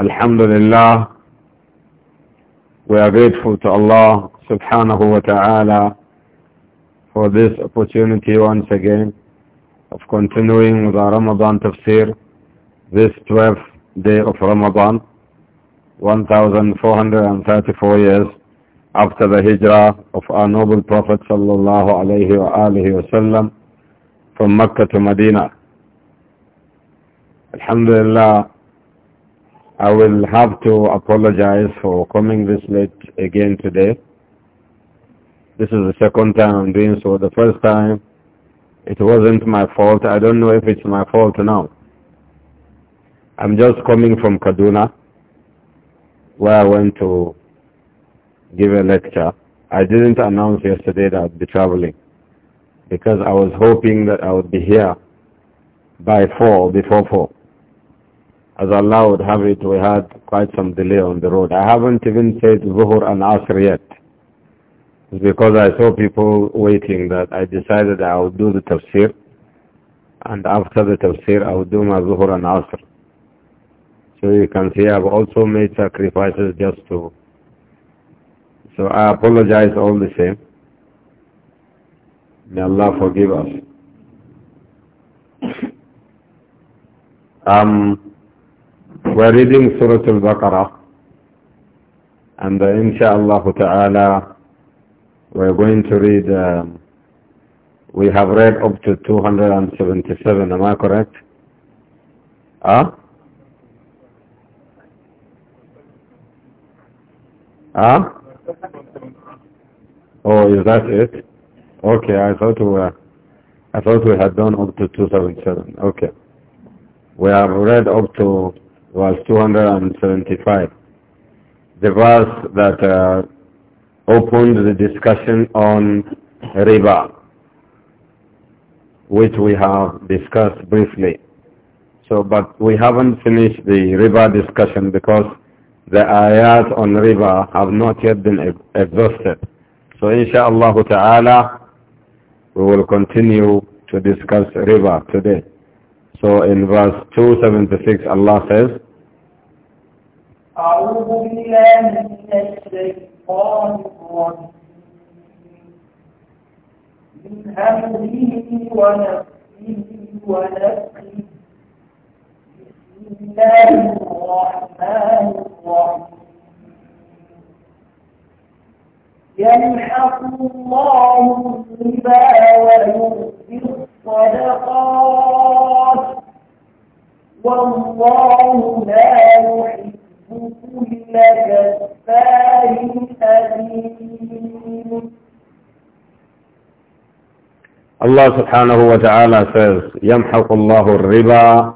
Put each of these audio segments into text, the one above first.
Alhamdulillah, we are grateful to Allah subhanahu wa ta'ala for this opportunity once again of continuing with our Ramadan tafsir this 12th day of Ramadan, 1434 years after the hijrah of our noble Prophet sallallahu alayhi wa alihi wasallam from Mecca to Medina. Alhamdulillah, I will have to apologize for coming this late again today. This is the second time I'm doing so. The first time, it wasn't my fault. I don't know if it's my fault now. I'm just coming from Kaduna, where I went to give a lecture. I didn't announce yesterday that I'd be traveling because I was hoping that I would be here by 4, before 4. As Allah would have it, we had quite some delay on the road. I haven't even said Zuhur and Asr yet. It's because I saw people waiting that I decided I would do the tafsir. And after the tafsir, I would do my Zuhur and Asr. So you can see I've also made sacrifices just to... So I apologize all the same. May Allah forgive us. Um, we're reading Surah Al-Baqarah and uh, insha'Allah ta'ala we're going to read, um, we have read up to 277, am I correct? Ah? Huh? Ah? Huh? Oh, is that it? Okay, I thought we were, I thought we had done up to 277. Okay. We have read up to was 275. The verse that uh, opened the discussion on riba, which we have discussed briefly. So, but we haven't finished the riba discussion because the ayat on riba have not yet been exhausted. So insha'Allah ta'ala, we will continue to discuss riba today. So in verse 276 Allah says, أعوذ بالله من الشيطان الرجيم من همزه ونفسه ونفسه بسم الله الرحمن الرحيم يمحق الله الربا ويؤتي الصدقات والله لا يحب الله سبحانه وتعالى says يمحق الله الربا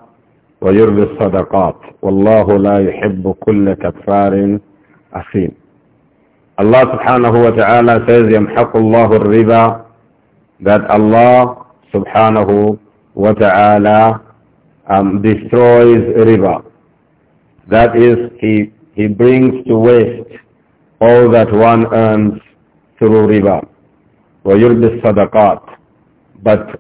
ويربي الصدقات والله لا يحب كل كفار أثيم الله سبحانه وتعالى says يمحق الله الربا that Allah سبحانه وتعالى um, destroys riba That is, he, he brings to waste all that one earns through riba. وَيُلْبِ sadaqat. But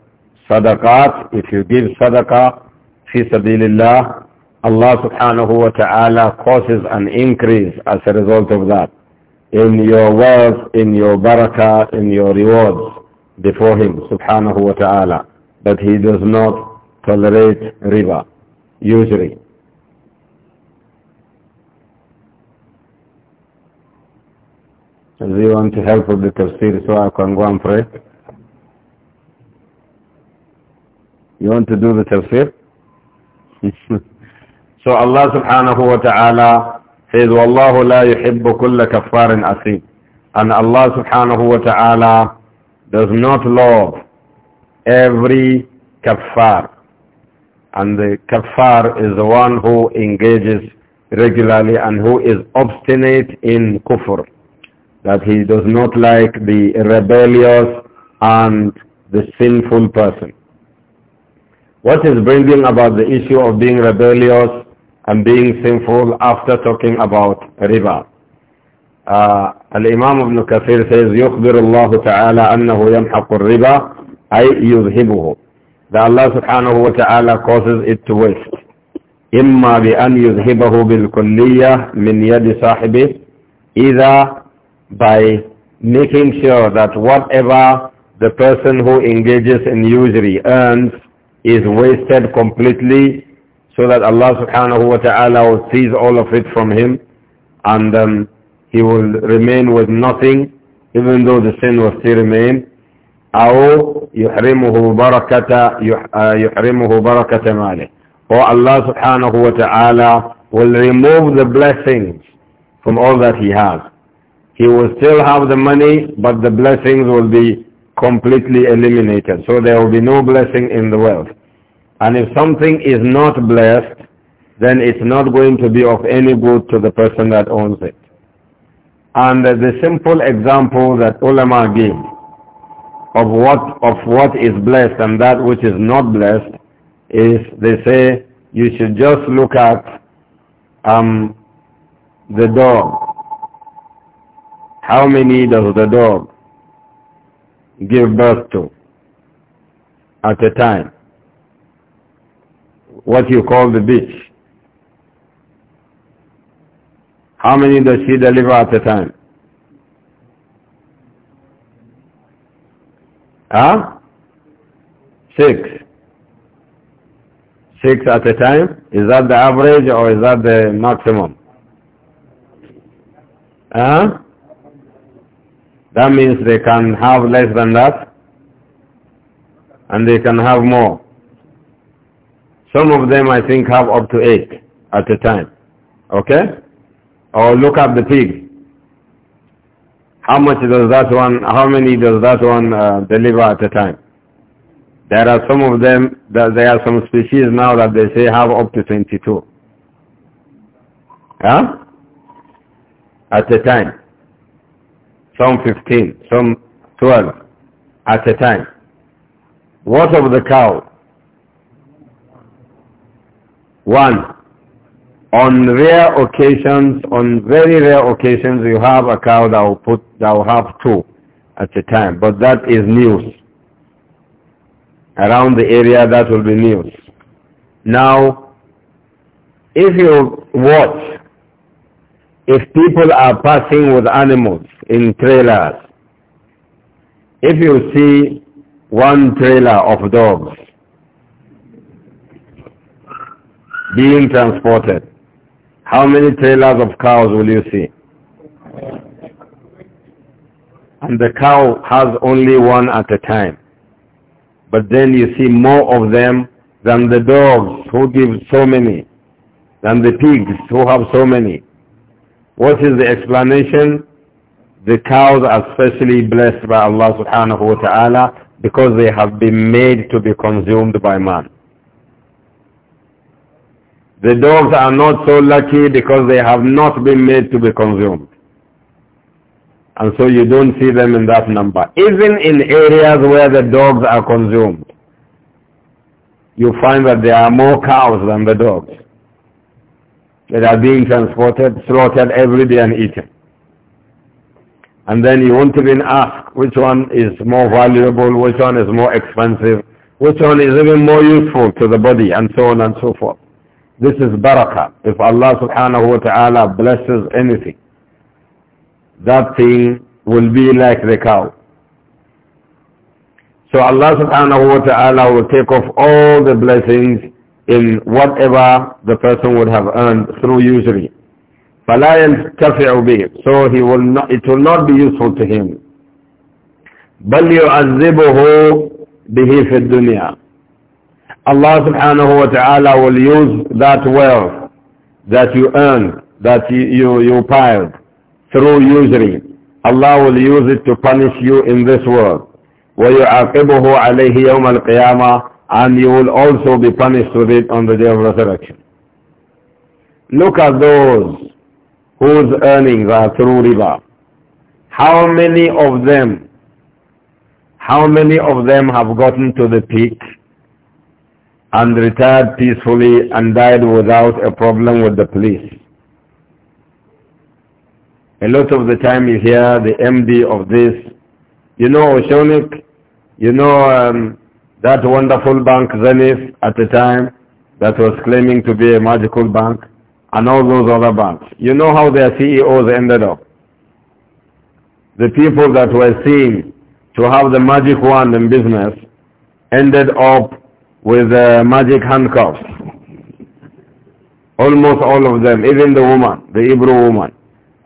sadaqat, if you give sadaqah, fi sabilillah, Allah subhanahu wa ta'ala causes an increase as a result of that in your wealth, in your barakah, in your rewards before him subhanahu wa ta'ala. But he does not tolerate riba, usury. Do you want to help with the tafsir so I can go and pray? You want to do the tafsir? so Allah subhanahu wa ta'ala says, وَاللَّهُ لَا يُحِبُّ كُلَّ كَفَّارٍ asim. And Allah subhanahu wa ta'ala does not love every kafar. And the kafar is the one who engages regularly and who is obstinate in kufr that he does not like the rebellious and the sinful person. What is bringing about the issue of being rebellious and being sinful after talking about riba? Uh, Imam ابن كثير says يخبر الله تعالى أنه يمحق الربا أي يذهبه that Allah subhanahu wa ta'ala causes it to waste إما بأن يذهبه بالكلية من يد صاحبه إذا by making sure that whatever the person who engages in usury earns is wasted completely so that Allah subhanahu wa ta'ala will seize all of it from him and um, he will remain with nothing even though the sin will still remain or Allah subhanahu wa ta'ala will remove the blessings from all that he has he will still have the money, but the blessings will be completely eliminated. So there will be no blessing in the wealth. And if something is not blessed, then it's not going to be of any good to the person that owns it. And the simple example that ulama gave of what, of what is blessed and that which is not blessed is they say you should just look at um, the dog how many does the dog give birth to at a time? What you call the bitch. How many does she deliver at a time? Huh? Six. Six at a time? Is that the average or is that the maximum? Huh? That means they can have less than that and they can have more. Some of them I think have up to eight at a time. Okay? Or look at the pig. How much does that one, how many does that one uh, deliver at a time? There are some of them, that there are some species now that they say have up to 22. Huh? At a time some 15, some 12 at a time. What of the cow? One. On rare occasions, on very rare occasions, you have a cow that will put, that will have two at a time. But that is news. Around the area, that will be news. Now, if you watch if people are passing with animals in trailers, if you see one trailer of dogs being transported, how many trailers of cows will you see? And the cow has only one at a time. But then you see more of them than the dogs who give so many, than the pigs who have so many. What is the explanation? The cows are specially blessed by Allah subhanahu wa ta'ala because they have been made to be consumed by man. The dogs are not so lucky because they have not been made to be consumed. And so you don't see them in that number. Even in areas where the dogs are consumed, you find that there are more cows than the dogs that are being transported, slaughtered every day and eaten. And then you won't even ask which one is more valuable, which one is more expensive, which one is even more useful to the body, and so on and so forth. This is barakah. If Allah subhanahu wa ta'ala blesses anything, that thing will be like the cow. So Allah subhanahu wa ta'ala will take off all the blessings in whatever the person would have earned through usury. فَلَا يَنْتَفِعُ بِهِ So he will not, it will not be useful to him. بَلْ يُعَذِّبُهُ بِهِ فِي الدُّنْيَا Allah subhanahu wa ta'ala will use that wealth that you earned, that you, you, you piled through usury. Allah will use it to punish you in this world. وَيُعَاقِبُهُ عَلَيْهِ يَوْمَ الْقِيَامَةِ and you will also be punished with it on the day of resurrection. Look at those whose earnings are through riba. How many of them, how many of them have gotten to the peak and retired peacefully and died without a problem with the police? A lot of the time you hear the MD of this, you know Oshonik, you know um, that wonderful bank, Zenith, at the time, that was claiming to be a magical bank, and all those other banks. You know how their CEOs ended up. The people that were seen to have the magic wand in business ended up with uh, magic handcuffs. Almost all of them, even the woman, the Hebrew woman,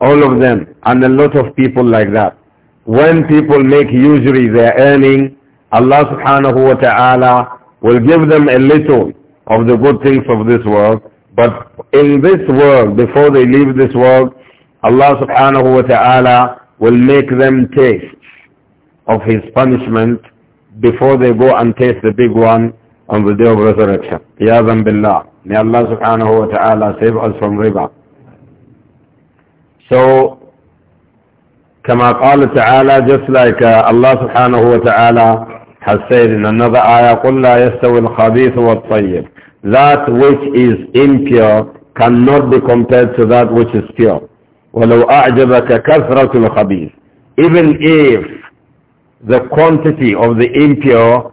all of them, and a lot of people like that. When people make usury their earning, Allah subhanahu wa ta'ala will give them a little of the good things of this world. But in this world, before they leave this world, Allah subhanahu wa ta'ala will make them taste of his punishment before they go and taste the big one on the day of resurrection. Iyadhan billah. May Allah subhanahu wa ta'ala save us from riba. So, كما قال تعالى just like uh, Allah subhanahu wa ta'ala has said in another ayah, قُلْ لَا يَسْتَوِ الْخَبِيثُ وَالطَّيِّبُ That which is impure cannot be compared to that which is pure. وَلَوْ أَعْجَبَكَ كَثْرَةُ الْخَبِيثِ Even if the quantity of the impure,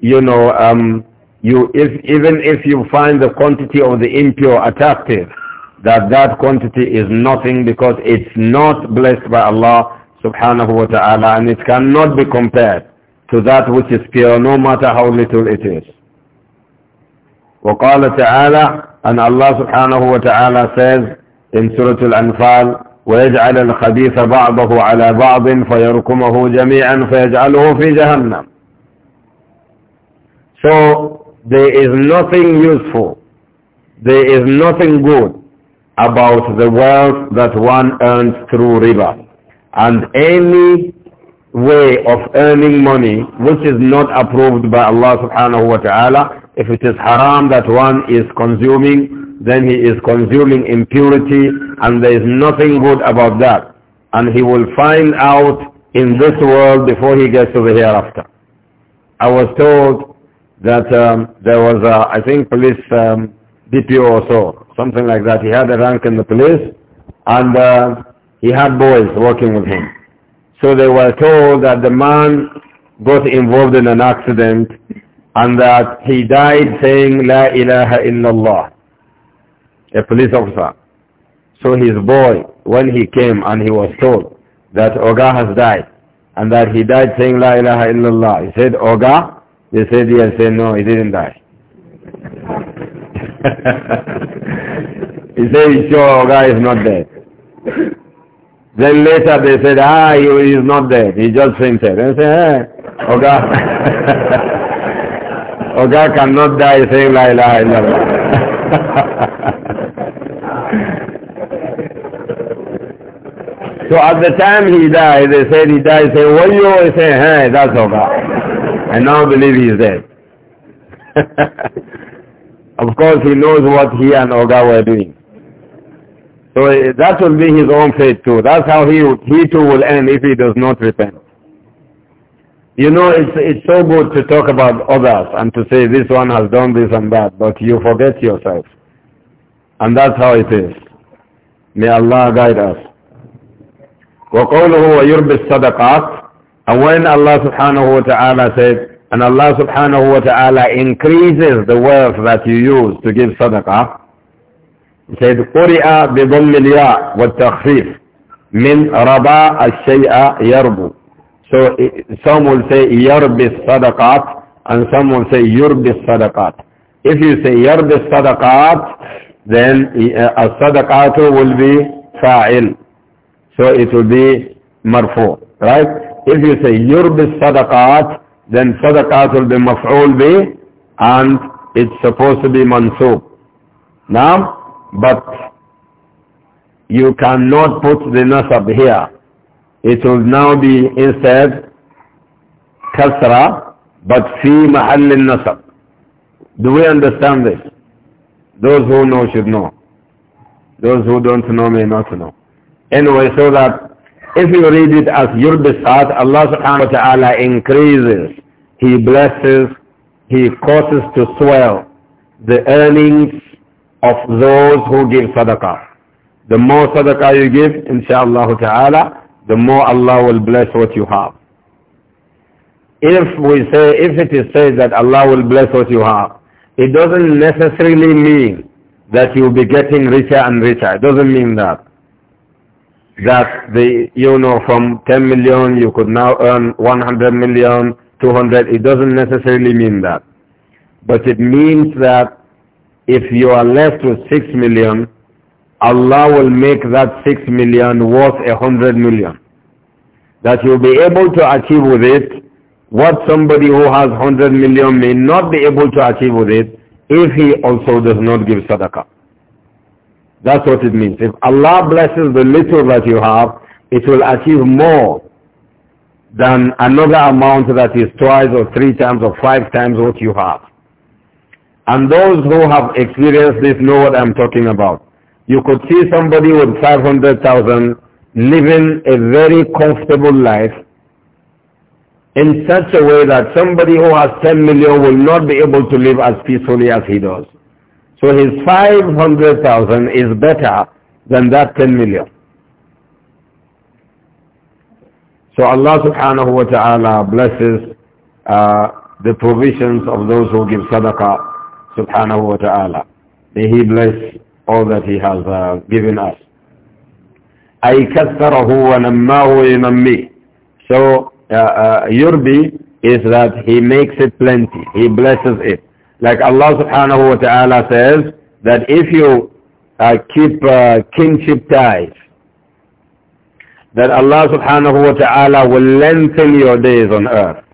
you know, um, you, if, even if you find the quantity of the impure attractive, that that quantity is nothing because it's not blessed by Allah subhanahu wa ta'ala and it cannot be compared to that which is pure, no matter how little it is. وقال تعالى and Allah subhanahu wa ta'ala says in Surah Al-Anfal ويجعل الخبيث بعضه على بعض فيركمه جميعا فيجعله في جهنم So there is nothing useful, there is nothing good about the wealth that one earns through riba. And any way of earning money which is not approved by Allah subhanahu wa ta'ala. If it is haram that one is consuming, then he is consuming impurity and there is nothing good about that. And he will find out in this world before he gets to the hereafter. I was told that um, there was, a, I think, police um, DPO or so, something like that. He had a rank in the police and uh, he had boys working with him. So they were told that the man got involved in an accident and that he died saying, La ilaha illallah, a police officer. So his boy, when he came and he was told that Oga has died and that he died saying, La ilaha illallah, he said, Oga? They said, yes. He said, no, he didn't die. he said, sure, Oga is not dead. Then later they said, ah, he is not dead. He just fainted. They said, eh, Oga, Oga cannot die saying La ilaha illallah. so at the time he died, they said he died Say, what you always say, hey, eh, that's Oga. I now believe he is dead. of course he knows what he and Oga were doing. So eh, that will be his own fate too. That's how he, he too will end if he does not repent. You know, it's, it's so good to talk about others and to say this one has done this and that, but you forget yourself. And that's how it is. May Allah guide us. وقوله ويربي الصدقات and when Allah subhanahu wa ta'ala said, and Allah subhanahu wa ta'ala increases the wealth that you use to give sadaqah, said قرئ بضم الياء والتخفيف من رباء الشيء يربو سوم سي يربي الصدقات and some will say يربي الصدقات if you say يربي الصدقات then uh, الصدقات will be فاعل so it will be مرفوع right if you say يربي الصدقات then صدقات will be مفعول به and it's supposed to be منصوب نعم But you cannot put the nasab here. It will now be instead kasra, but fi mahal nasab. Do we understand this? Those who know should know. Those who don't know may not know. Anyway, so that if you read it as yurbisat, Allah subhanahu wa ta'ala increases. He blesses. He causes to swell the earnings of those who give sadaqah. The more sadaqah you give, insha'Allah ta'ala, the more Allah will bless what you have. If we say, if it is said that Allah will bless what you have, it doesn't necessarily mean that you'll be getting richer and richer. It doesn't mean that. That the, you know, from 10 million you could now earn 100 million, 200. It doesn't necessarily mean that. But it means that if you are left with 6 million, Allah will make that 6 million worth a 100 million. That you'll be able to achieve with it what somebody who has 100 million may not be able to achieve with it if he also does not give sadaqah. That's what it means. If Allah blesses the little that you have, it will achieve more than another amount that is twice or three times or five times what you have. And those who have experienced this know what I'm talking about. You could see somebody with 500,000 living a very comfortable life in such a way that somebody who has 10 million will not be able to live as peacefully as he does. So his 500,000 is better than that 10 million. So Allah subhanahu wa ta'ala blesses uh, the provisions of those who give sadaqah subhanahu wa ta'ala. May He bless all that He has uh, given us. أي كثره ونماه ينميه. So uh, uh, yurbi is that He makes it plenty. He blesses it. Like Allah subhanahu wa ta'ala says that if you uh, keep uh, kinship ties, that Allah subhanahu wa ta'ala will lengthen your days on earth.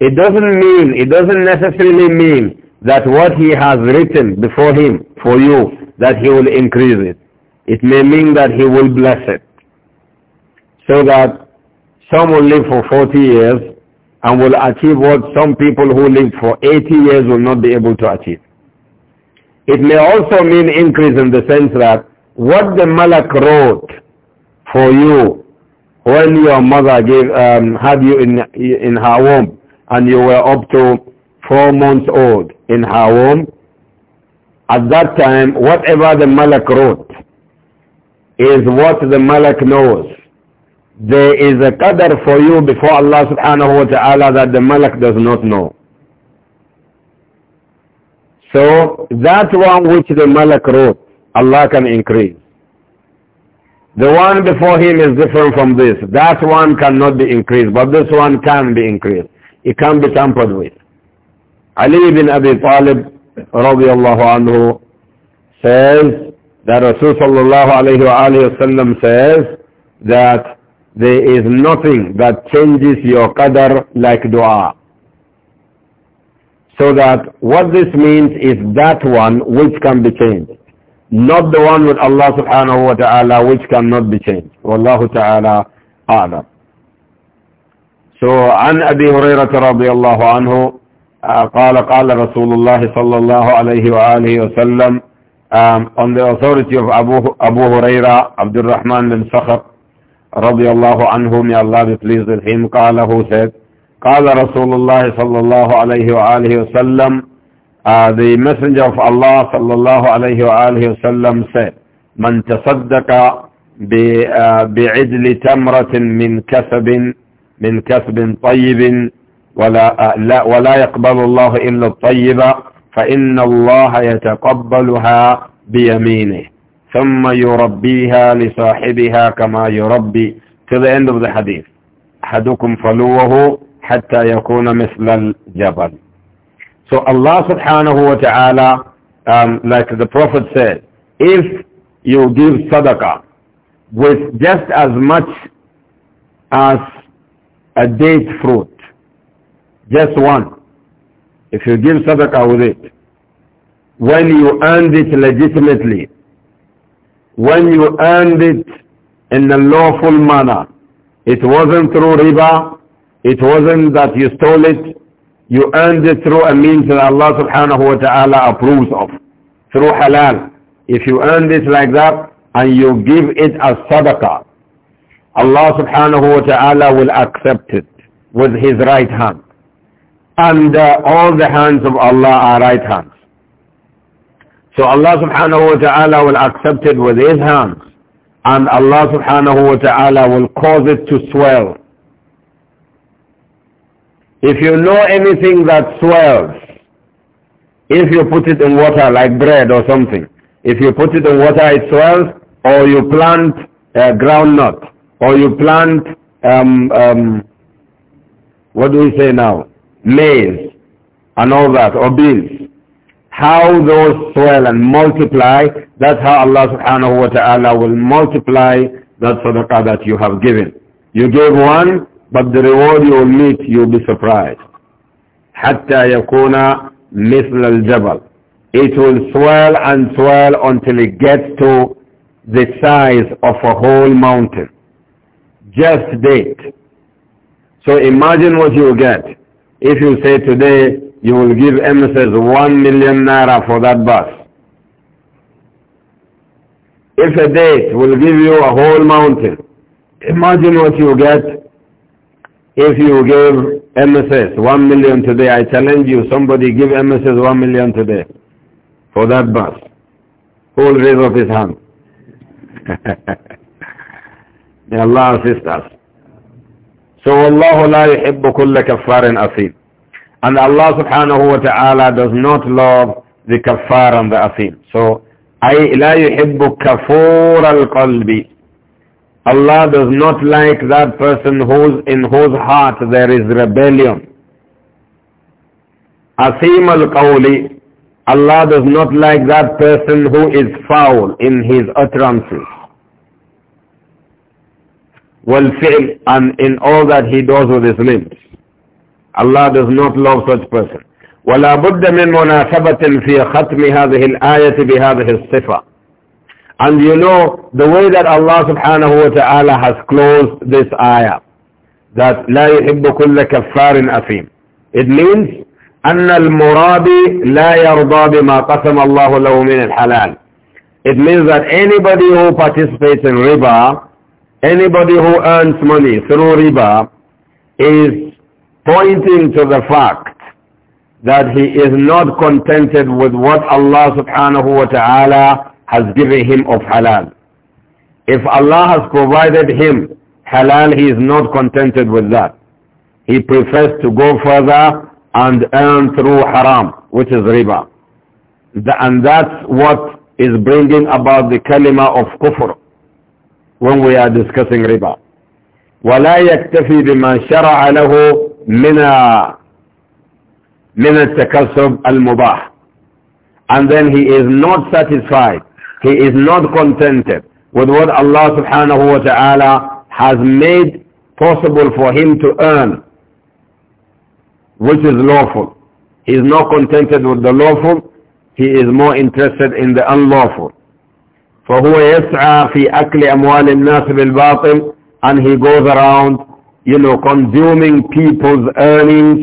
It doesn't mean, it doesn't necessarily mean that what he has written before him for you, that he will increase it. It may mean that he will bless it. So that some will live for 40 years and will achieve what some people who lived for 80 years will not be able to achieve. It may also mean increase in the sense that what the Malak wrote for you when your mother gave, um, had you in, in her womb and you were up to four months old in her womb, at that time, whatever the Malak wrote is what the Malak knows. There is a qadr for you before Allah subhanahu wa ta'ala that the Malak does not know. So that one which the Malak wrote, Allah can increase. The one before him is different from this. That one cannot be increased, but this one can be increased. It can be tampered with. Ali ibn Abi Talib radiallahu anhu says that Rasulullah sallallahu alayhi wa alayhi says that there is nothing that changes your qadr like dua. So that what this means is that one which can be changed. Not the one with Allah subhanahu wa ta'ala which cannot be changed. Wallahu ta'ala a'lam. So, عن أبي هريرة رضي الله عنه آه، قال قال رسول الله صلى الله عليه وآله وسلم um, on the authority of Abu, Abu Huraira, Abdul Rahman bin Sakhr رضي الله عنه may Allah be pleased with him قال who said قال رسول الله صلى الله عليه وآله وسلم uh, the messenger of Allah صلى الله عليه وآله وسلم said من تصدق آه، بعدل تمرة من كسب من كسب طيب ولا, لا ولا يقبل الله إلا الطيبة فإن الله يتقبلها بيمينه ثم يربيها لصاحبها كما يربي to the end of the hadith أحدكم فلوه حتى يكون مثل الجبل So Allah subhanahu wa ta'ala, um, like the Prophet said, if you give sadaqah with just as much as a date fruit, Just one. If you give sadaqah with it, when you earned it legitimately, when you earned it in a lawful manner, it wasn't through riba, it wasn't that you stole it, you earned it through a means that Allah subhanahu wa ta'ala approves of, through halal. If you earned it like that and you give it as sadaqah, Allah subhanahu wa ta'ala will accept it with his right hand and uh, all the hands of Allah are right hands. So Allah subhanahu wa ta'ala will accept it with his hands and Allah subhanahu wa ta'ala will cause it to swell. If you know anything that swells, if you put it in water like bread or something, if you put it in water it swells or you plant a uh, groundnut or you plant, um, um, what do we say now? maize, and all that, or beans. How those swell and multiply, that's how Allah subhanahu wa ta'ala will multiply that sadaqah that you have given. You gave one, but the reward you will meet, you'll be surprised. yakuna يكون al الجبل. It will swell and swell until it gets to the size of a whole mountain. Just date. So imagine what you will get. If you say today you will give MSS one million naira for that bus, if a date will give you a whole mountain, imagine what you get if you give MSS one million today. I challenge you, somebody give MSS one million today for that bus. Who will raise up his hand? May Allah assist us. So Allah la yuhibbu kulla kaffarin asim. And Allah subhanahu wa ta'ala does not love the kaffar and the asim. So, أي لا يحب كفور القلب. Allah does not like that person whose, in whose heart there is rebellion. Asim al-Qawli, Allah does not like that person who is foul in his utterances. والفعل and in all that he does with his limbs. Allah does not love such person. ولا بد من مناسبة في ختم هذه الآية بهذه الصفة. And you know the way that Allah subhanahu wa ta'ala has closed this ayah that لا يحب كل كفار أثيم. It means أن المرابي لا يرضى بما قسم الله له من الحلال. It means that anybody who participates in riba Anybody who earns money through riba is pointing to the fact that he is not contented with what Allah subhanahu wa ta'ala has given him of halal. If Allah has provided him halal, he is not contented with that. He prefers to go further and earn through haram, which is riba. The, and that's what is bringing about the kalima of kufr when we are discussing riba. ولا يكتفي بما شرع له من من التكسب المباح and then he is not satisfied he is not contented with what Allah subhanahu wa ta'ala has made possible for him to earn which is lawful he is not contented with the lawful he is more interested in the unlawful فهو يسعى في أكل أموال الناس بالباطل and he goes around you know consuming people's earnings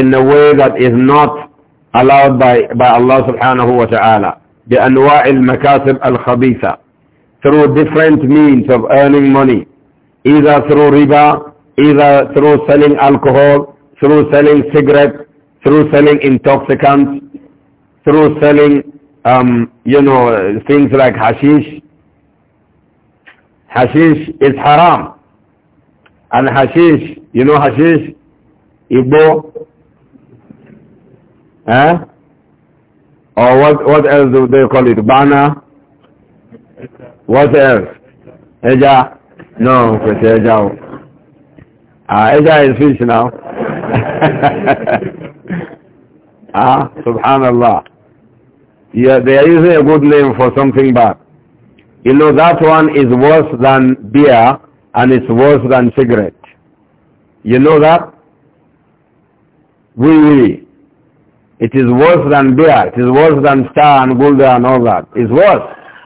in a way that is not allowed by, by Allah subhanahu wa ta'ala بأنواع المكاسب الخبيثة through different means of earning money either through riba either through selling alcohol through selling cigarettes through selling intoxicants through selling um, you know, things like hashish. Hashish is haram. And hashish, you know hashish? Igbo? Huh? Eh? Or what, what else do they call it? Bana? What else? Eja? No, because Eja. Ah, Eja is fish now. ah, subhanallah. Yeah, they are using a good name for something bad. You know, that one is worse than beer and it's worse than cigarette. You know that? oui, Oui. It is worse than beer. It is worse than star and gulda and all that. It's worse.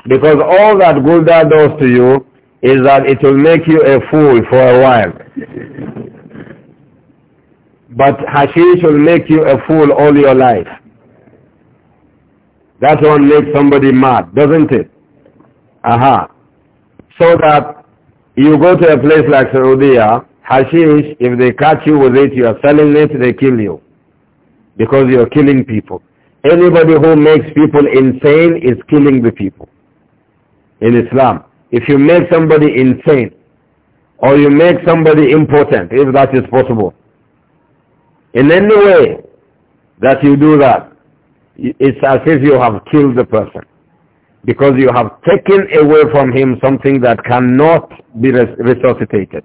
Because all that gulda does to you is that it will make you a fool for a while. but hashish will make you a fool all your life. That one makes somebody mad, doesn't it? Aha. So that you go to a place like Saudi, ah, hashish, if they catch you with it, you are selling it, they kill you. Because you are killing people. Anybody who makes people insane is killing the people. In Islam. If you make somebody insane, or you make somebody impotent, if that is possible, in any way that you do that, it's as if you have killed the person because you have taken away from him something that cannot be res resuscitated.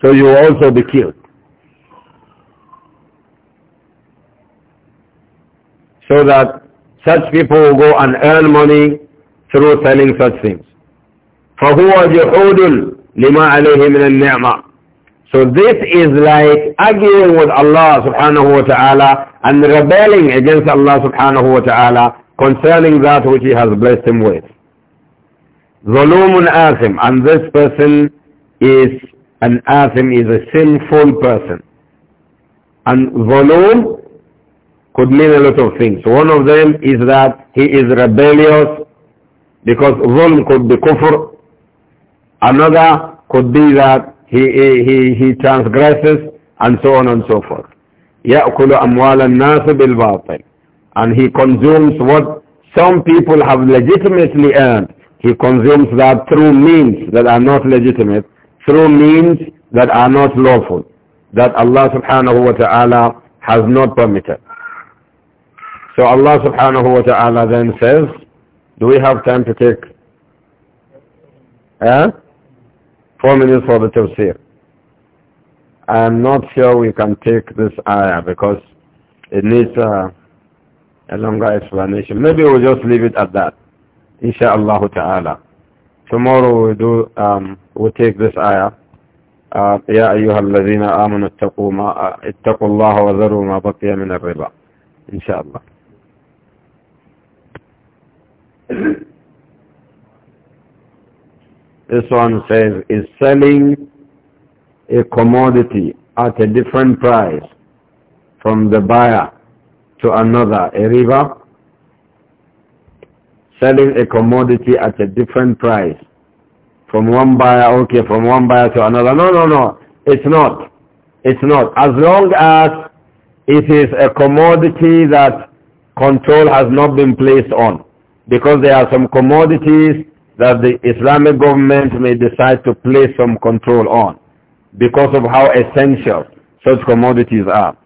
So you will also be killed. So that such people will go and earn money through selling such things. فهو جحود لما عليه من النعمة so this is like arguing with Allah subhanahu wa ta'ala and rebelling against Allah subhanahu wa ta'ala concerning that which he has blessed him with. Zulumun asim, and this person is an asim, is a sinful person. And zulum could mean a lot of things. One of them is that he is rebellious because zulm could be kufr. Another could be that he, he, he transgresses, and so on and so forth. يأكل أموال الناس بالباطل and he consumes what some people have legitimately earned. He consumes that through means that are not legitimate, through means that are not lawful, that Allah subhanahu wa ta'ala has not permitted. So Allah subhanahu wa ta'ala then says, do we have time to take? Eh? Four minutes for the tafsir. I'm not sure we can take this ayah because it needs a, a longer explanation. Maybe we'll just leave it at that. Insha'Allah ta'ala. Tomorrow we'll do, um, we'll take this ayah. Uh, يا أيها الذين آمنوا اتقوا ما اتقوا الله وذروا ما بقي من الربا إن شاء الله this one says, is selling a commodity at a different price from the buyer to another, a river, selling a commodity at a different price from one buyer, okay, from one buyer to another. No, no, no, it's not. It's not. As long as it is a commodity that control has not been placed on. Because there are some commodities that the Islamic government may decide to place some control on because of how essential such commodities are.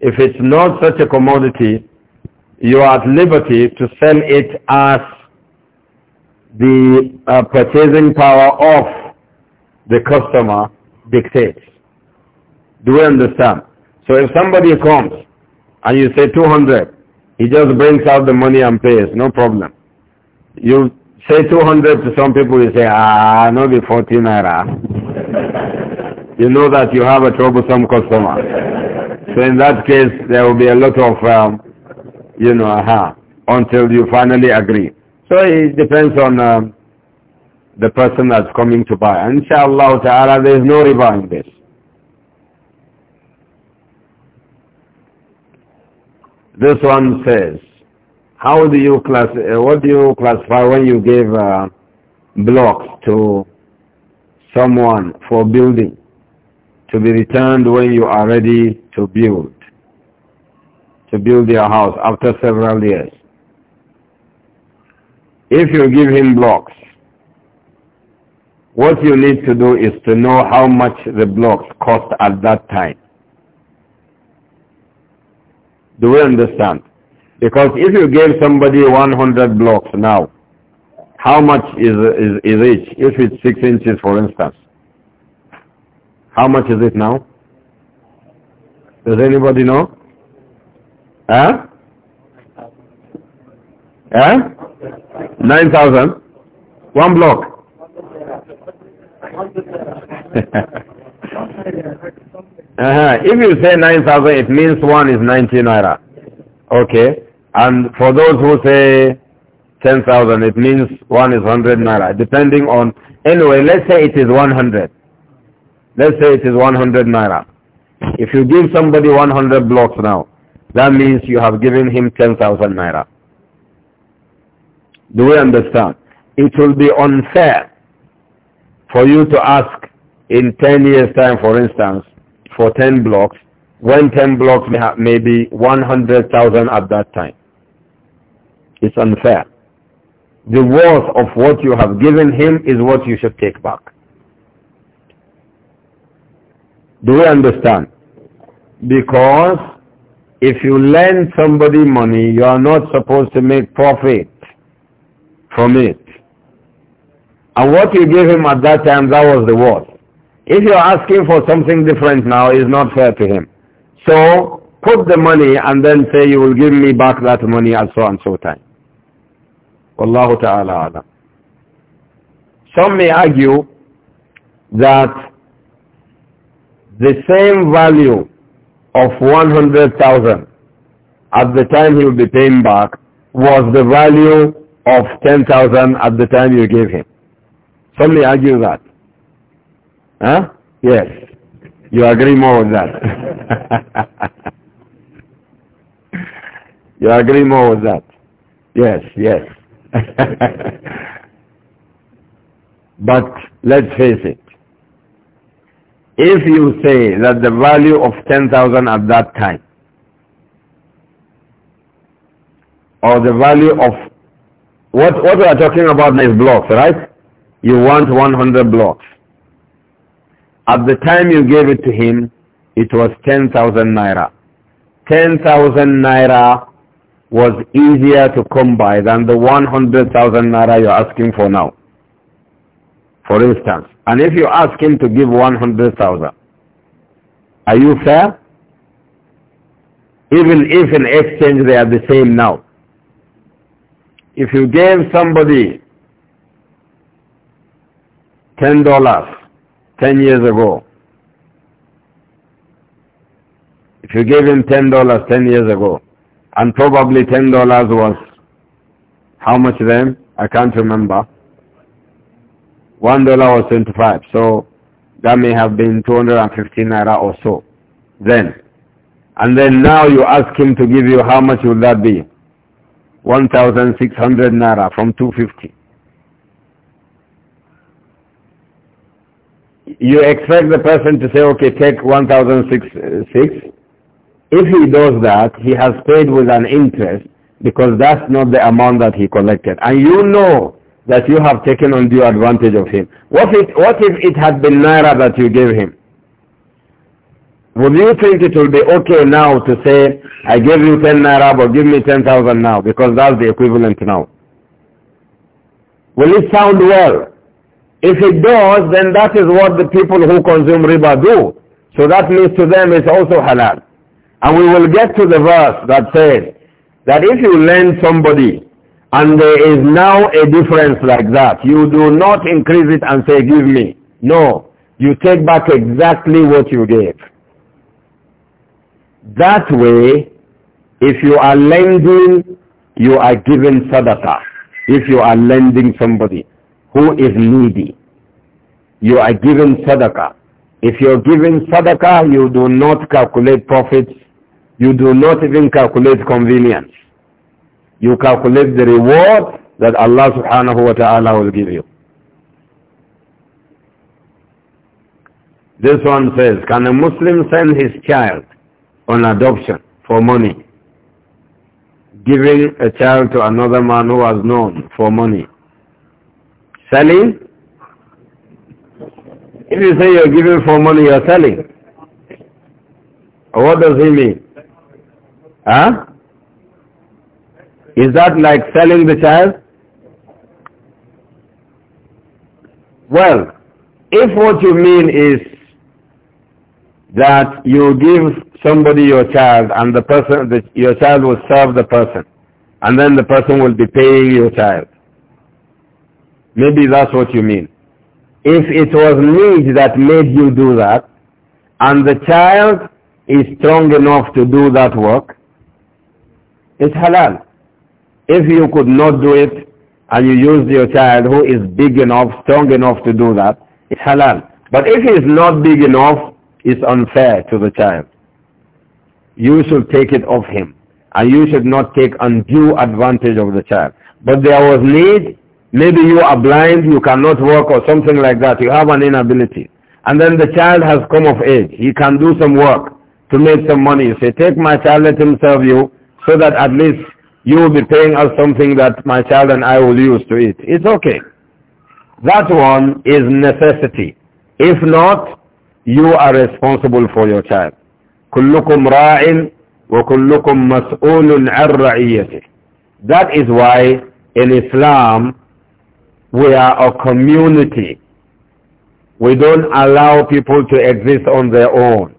If it's not such a commodity, you are at liberty to sell it as the uh, purchasing power of the customer dictates. Do we understand? So if somebody comes and you say 200, he just brings out the money and pays, no problem. You Say 200 to some people, you say, ah, no the 40 naira. you know that you have a troublesome customer. so in that case, there will be a lot of, um, you know, aha, until you finally agree. So it depends on um, the person that's coming to buy. Inshallah ta'ala, there is no riba in this. This one says, how do you class, uh, what do you classify when you give uh, blocks to someone for building to be returned when you are ready to build, to build your house after several years? If you give him blocks, what you need to do is to know how much the blocks cost at that time. Do we understand? Because if you gave somebody 100 blocks now, how much is, is, is each? If it's 6 inches, for instance, how much is it now? Does anybody know? Huh? Huh? 9,000? One block? uh -huh. If you say 9,000, it means one is 90 naira. Okay. And for those who say 10,000, it means one is 100 naira, depending on, anyway, let's say it is 100. Let's say it is 100 naira. If you give somebody 100 blocks now, that means you have given him 10,000 naira. Do we understand? It will be unfair for you to ask in 10 years time, for instance, for 10 blocks, when 10 blocks may, have, may be 100,000 at that time. It's unfair. The worth of what you have given him is what you should take back. Do we understand? Because if you lend somebody money, you are not supposed to make profit from it. And what you gave him at that time, that was the worth. If you're asking for something different now, it's not fair to him. So put the money and then say you will give me back that money at so and so time. Wallahu ta'ala alam. Some may argue that the same value of 100,000 at the time he will be paying back was the value of 10,000 at the time you gave him. Some may argue that. Huh? Yes. You agree more with that. you agree more with that. Yes, yes. but let's face it. If you say that the value of 10,000 at that time, or the value of, what, what we are talking about is blocks, right? You want 100 blocks. At the time you gave it to him, it was 10,000 naira. 10,000 naira was easier to come by than the 100,000 naira you're asking for now. For instance. And if you ask him to give 100,000, are you fair? Even if in exchange they are the same now. If you gave somebody ten dollars ten years ago, if you gave him ten dollars ten years ago, and probably $10 was how much then? I can't remember. One dollar was 25. So that may have been 215 naira or so then. And then now you ask him to give you how much would that be? 1,600 naira from 250. You expect the person to say, okay, take 1,006 if he does that, he has paid with an interest because that's not the amount that he collected. And you know that you have taken undue advantage of him. What if, what if it had been Naira that you gave him? Would you think it will be okay now to say, I gave you 10 Naira, but give me 10,000 now, because that's the equivalent now? Will it sound well? If it does, then that is what the people who consume riba do. So that means to them it's also halal. And we will get to the verse that says that if you lend somebody and there is now a difference like that, you do not increase it and say, give me. No, you take back exactly what you gave. That way, if you are lending, you are giving sadaqah. If you are lending somebody who is needy, you are giving sadaqah. If you're giving sadaqah, you do not calculate profits you do not even calculate convenience. You calculate the reward that Allah subhanahu wa ta'ala will give you. This one says, can a Muslim send his child on adoption for money? Giving a child to another man who has known for money. Selling? If you say you're giving for money, you're selling. What does he mean? Huh? Is that like selling the child? Well, if what you mean is that you give somebody your child and the person, the, your child will serve the person and then the person will be paying your child. Maybe that's what you mean. If it was need that made you do that and the child is strong enough to do that work, it's halal. If you could not do it and you used your child who is big enough, strong enough to do that, it's halal. But if he is not big enough, it's unfair to the child. You should take it off him. And you should not take undue advantage of the child. But there was need. Maybe you are blind, you cannot work or something like that. You have an inability. And then the child has come of age. He can do some work to make some money. You say, take my child, let him serve you so that at least you will be paying us something that my child and I will use to eat. It's okay. That one is necessity. If not, you are responsible for your child. كلكم راع وكلكم مسؤول عن رعيته. That is why in Islam we are a community. We don't allow people to exist on their own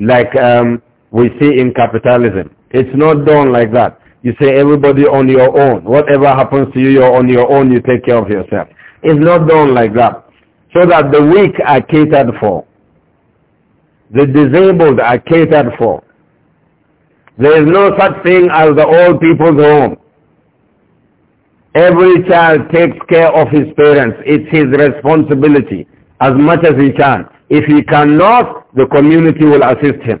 like um, we see in capitalism. It's not done like that. You say everybody on your own. Whatever happens to you, you're on your own. You take care of yourself. It's not done like that. So that the weak are catered for. The disabled are catered for. There is no such thing as the old people's home. Every child takes care of his parents. It's his responsibility as much as he can. If he cannot, the community will assist him.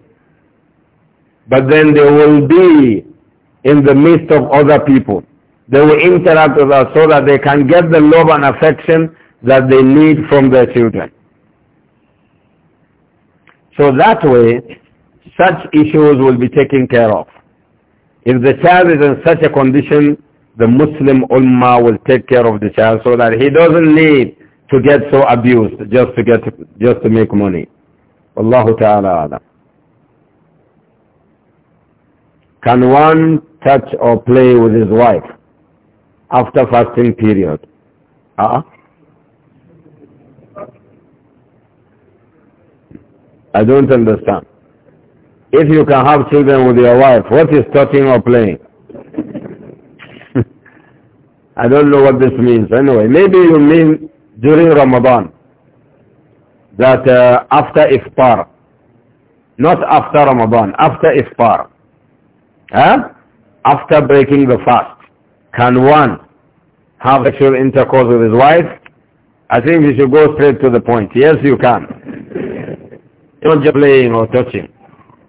But then they will be in the midst of other people. They will interact with us so that they can get the love and affection that they need from their children. So that way, such issues will be taken care of. If the child is in such a condition, the Muslim Ummah will take care of the child so that he doesn't need to get so abused just to get just to make money. Allahu Ta'ala Can one touch or play with his wife after fasting period? Uh -uh. I don't understand. If you can have children with your wife, what is touching or playing? I don't know what this means. Anyway, maybe you mean during Ramadan, that uh, after iftar, not after Ramadan, after iftar. Huh? After breaking the fast, can one have sexual intercourse with his wife? I think you should go straight to the point. Yes, you can. do Not just playing or touching.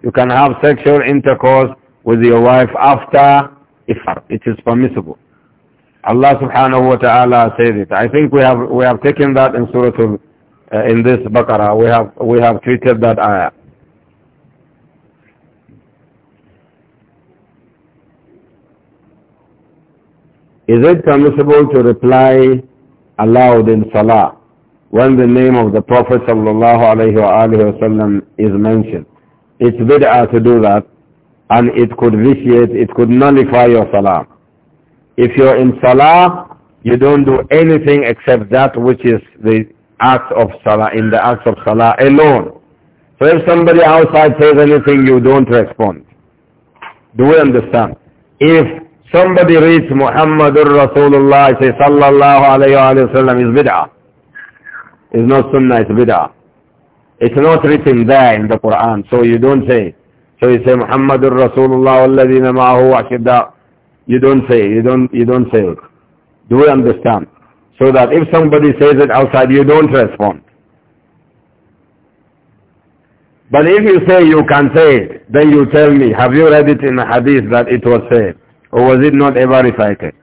You can have sexual intercourse with your wife after iftar. It is permissible. Allah subhanahu wa ta'ala said it. I think we have, we have taken that in Surah, uh, in this Baqarah. We have, we have treated that ayah. Is it permissible to reply aloud in Salah when the name of the Prophet sallallahu is mentioned? It's bid'ah to do that and it could vitiate, it could nullify your Salah. If you're in Salah, you don't do anything except that which is the act of Salah, in the act of Salah alone. So if somebody outside says anything, you don't respond. Do we understand? If Somebody reads Muhammadur Rasulullah, say sallallahu alayhi wa sallam is bid'ah. It's not sunnah, it's bid'ah. It's not written there in the Quran, so you don't say. So you say Muhammadur Rasulullah alladhina ma'ahu ashidda. You don't say, you don't, you don't say it. Do we understand? So that if somebody says it outside, you don't respond. But if you say you can say it, then you tell me, have you read it in a hadith that it was said? Or was it not ever recited?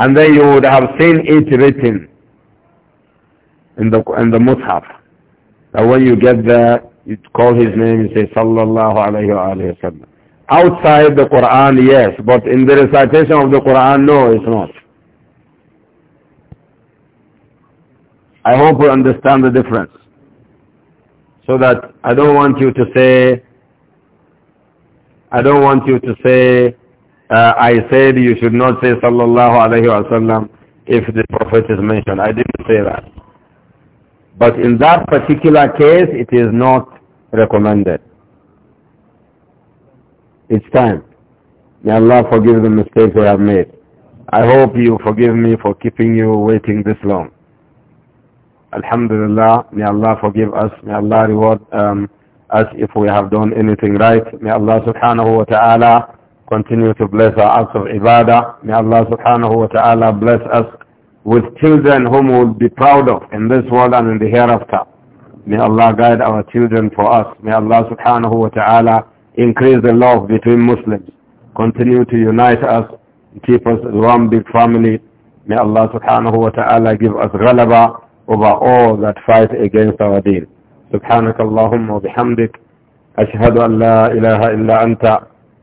And then you would have seen it written in the, in the Mus'haf. That when you get there, you call his name and say, Sallallahu alayhi wasallam." Outside the Quran, yes, but in the recitation of the Quran, no, it's not. I hope you understand the difference. So that I don't want you to say, I don't want you to say, uh, I said you should not say sallallahu alayhi wasallam if the Prophet is mentioned. I didn't say that. But in that particular case, it is not recommended. It's time. May Allah forgive the mistakes we have made. I hope you forgive me for keeping you waiting this long. Alhamdulillah, may Allah forgive us. May Allah reward um, us if we have done anything right. May Allah subhanahu wa ta'ala continue to bless our acts of ibadah. May Allah subhanahu wa ta'ala bless us with children whom we'll be proud of in this world and in the hereafter. May Allah guide our children for us. May Allah subhanahu wa ta'ala increase the love between Muslims. Continue to unite us, keep us as one big family. May Allah subhanahu wa ta'ala give us ghalaba over all that fight against our deen. Subhanakallahumma wa وبحمدك أشهد أن لا إله إلا